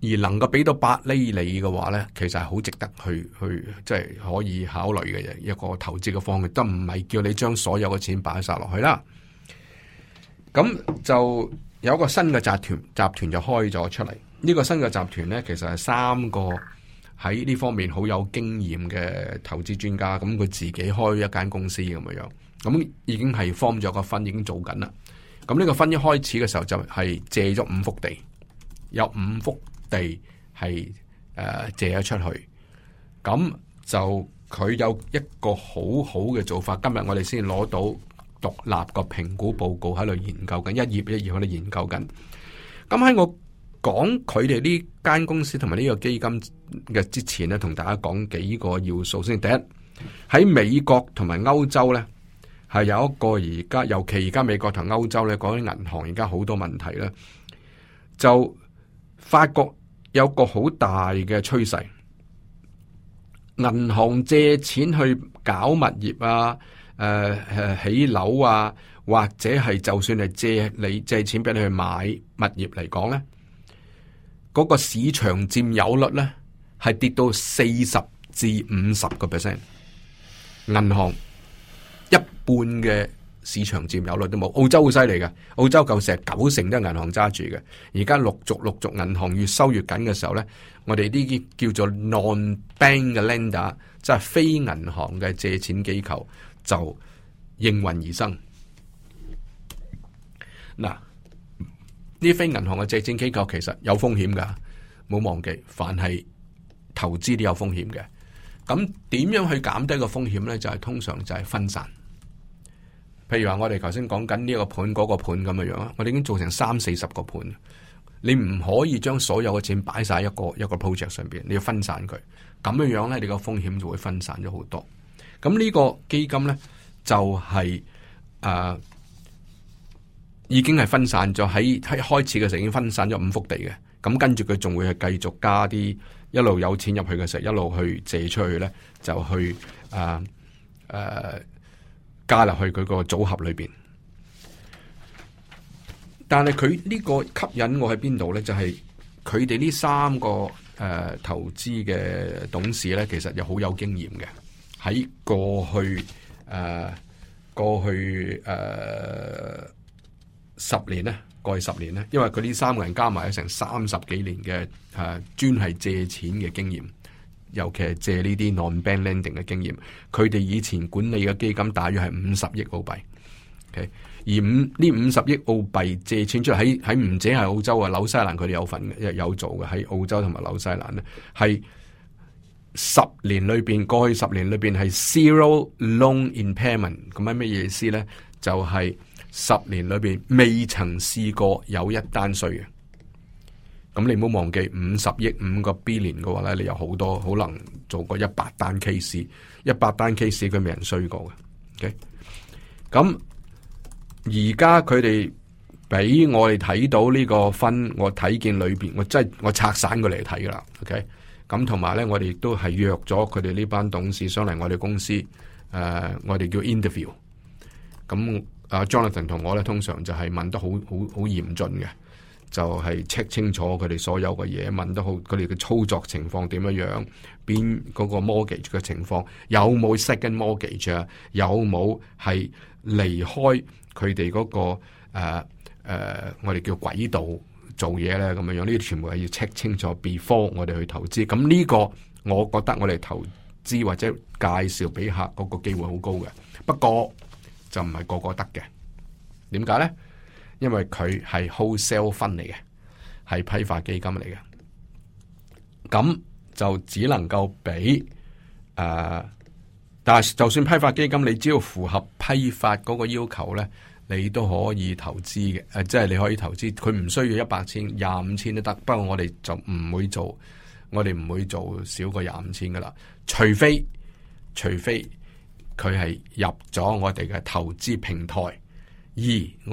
而能夠俾到八厘利嘅話咧，其實係好值得去去即係、就是、可以考慮嘅一個投資嘅方向，都唔係叫你將所有嘅錢擺晒落去啦。咁就有個新嘅集團集團就開咗出嚟。呢、這個新嘅集團呢，其實係三個喺呢方面好有經驗嘅投資專家，咁佢自己開一間公司咁嘅樣，咁已經係 form 咗個分，已經做緊啦。咁呢個分一開始嘅時候就係借咗五幅地，有五幅地係誒借咗出去。咁就佢有一個很好好嘅做法，今日我哋先攞到獨立個評估報告喺度研究緊，一頁一頁喺度研究緊。咁喺我。講佢哋呢間公司同埋呢個基金嘅之前呢，同大家講幾個要素先。第一，喺美國同埋歐洲呢，係有一個而家，尤其而家美國同歐洲呢，講緊銀行而家好多問題呢，就發覺有個好大嘅趨勢，銀行借錢去搞物業啊，誒、啊、起樓啊，或者係就算係借你借錢俾你去買物業嚟講呢。嗰個市場佔有率呢，係跌到四十至五十個 percent，銀行一半嘅市場佔有率都冇。澳洲好犀利嘅，澳洲舊時係九成都係銀行揸住嘅，而家陸續陸續銀行越收越緊嘅時候呢，我哋呢啲叫做 non-bank 嘅 lender，即係非銀行嘅借錢機構，就應運而生。嗱。呢啲非銀行嘅借錢機構，其實有風險噶冇忘記，凡係投資都有風險嘅。咁點樣去減低個風險咧就係、是、通常就係分散。譬如話我哋頭先講緊呢個盤嗰、那個盤咁樣樣啊，我哋已經做成三四十個盤，你唔可以將所有嘅錢擺晒一個一個 project 上邊，你要分散佢。咁樣樣咧你個風險就會分散咗好多。咁呢個基金咧就係、是、誒。呃已經係分散咗，喺喺開始嘅時候已經分散咗五幅地嘅，咁跟住佢仲會係繼續加啲，一路有錢入去嘅時候一路去借出去咧，就去誒誒、啊啊、加入去佢個組合裏邊。但係佢呢個吸引我喺邊度咧？就係佢哋呢三個誒、啊、投資嘅董事咧，其實又好有經驗嘅，喺過去誒、啊、過去誒。啊十年呢，過去十年呢，因為佢呢三個人加埋有成三十幾年嘅誒、啊，專係借錢嘅經驗，尤其係借呢啲 non-bank lending 嘅經驗。佢哋以前管理嘅基金大約係五十億澳幣，okay? 而五呢五十億澳幣借錢出嚟，喺喺唔止係澳洲啊，紐西蘭佢哋有份嘅，有做嘅喺澳洲同埋紐西蘭呢，係十年裏邊過去十年裏邊係 zero loan impairment，咁係咩意思呢？就係、是。十年裏邊未曾試過有一單衰嘅，咁你唔好忘記五十億五個 Billion 嘅話咧，你有好多可能做過一百單 case，一百單 case 佢未人衰過嘅。OK，咁而家佢哋俾我哋睇到呢個分，我睇見裏邊我即係我拆散佢嚟睇噶啦。OK，咁同埋咧，我哋亦都係約咗佢哋呢班董事上嚟我哋公司，誒、呃，我哋叫 interview。咁阿 Jonathan 同我咧，通常就係問得好好好嚴峻嘅，就係 check 清楚佢哋所有嘅嘢，問得好佢哋嘅操作情況點樣樣，邊嗰個 mortgage 嘅情況有冇 second mortgage 啊，有冇係離開佢哋嗰個誒誒，我哋叫軌道做嘢咧咁樣樣，呢啲全部係要 check 清楚 before 我哋去投資。咁呢個我覺得我哋投資或者介紹俾客嗰個機會好高嘅，不過。就唔係個個得嘅，點解呢？因為佢係 wholesale 分嚟嘅，係批發基金嚟嘅。咁就只能夠俾誒，但係就算批發基金，你只要符合批發嗰個要求呢，你都可以投資嘅。誒，即係你可以投資，佢唔需要一百千、廿五千都得。不過我哋就唔會做，我哋唔會做少過廿五千噶啦。除非，除非。佢係入咗我哋嘅投資平台二，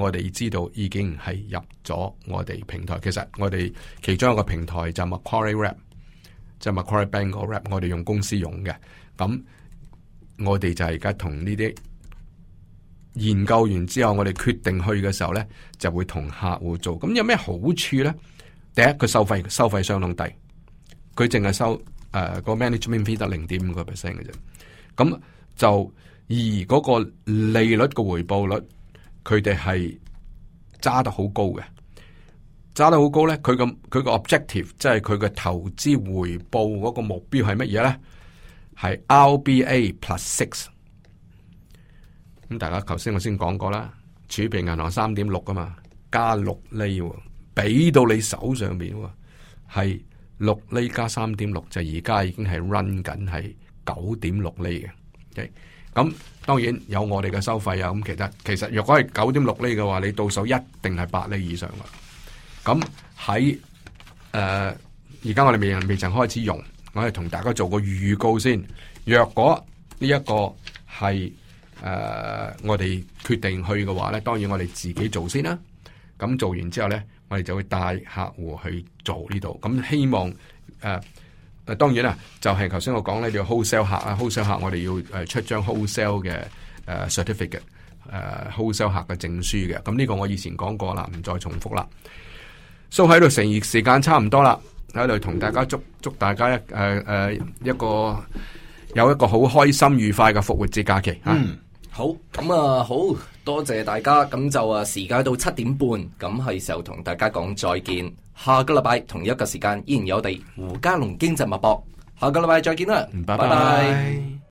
我哋知道已經係入咗我哋平台。其實我哋其中一個平台就係 Macquarie Wrap，就係 Macquarie Bank 個 Wrap。我哋用公司用嘅咁，我哋就係而家同呢啲研究完之後，我哋決定去嘅時候咧，就會同客戶做。咁有咩好處咧？第一，佢收費收費相當低，佢淨係收誒、呃那個 management fee 得零點五個 percent 嘅啫。咁。就而嗰個利率嘅回報率，佢哋係揸得好高嘅，揸得好高咧。佢個佢個 objective 即係佢嘅投資回報嗰個目標係乜嘢咧？係 RBA plus six。咁大家頭先我先講過啦，儲備銀行三點六啊嘛，加六厘俾、哦、到你手上邊，係六厘加三點六，就而家已經係 run 緊係九點六厘嘅。咁、okay，當然有我哋嘅收費啊！咁其實其實若果係九點六厘嘅話，你到手一定係八厘以上嘅。咁喺誒而家我哋未未曾開始用，我係同大家做個預告先。若果呢一個係誒、呃、我哋決定去嘅話咧，當然我哋自己做先啦。咁做完之後咧，我哋就會帶客戶去做呢度。咁希望誒。呃當然啦，就係頭先我講呢叫 wholesale 客啊，wholesale 客我哋要誒出張 wholesale 嘅誒 certificate，誒 wholesale 客嘅證書嘅，咁、這、呢個我以前講過啦，唔再重複啦。So，喺度成熱時間差唔多啦，喺度同大家祝祝大家一誒誒一個有一個好開心愉快嘅復活節假期吓。嗯啊好，咁啊，好多謝大家，咁就啊，時間到七點半，咁係時候同大家講再見，下個禮拜同一個時間依然有我哋胡嘉龍經濟脈搏，下個禮拜再見啦，拜拜。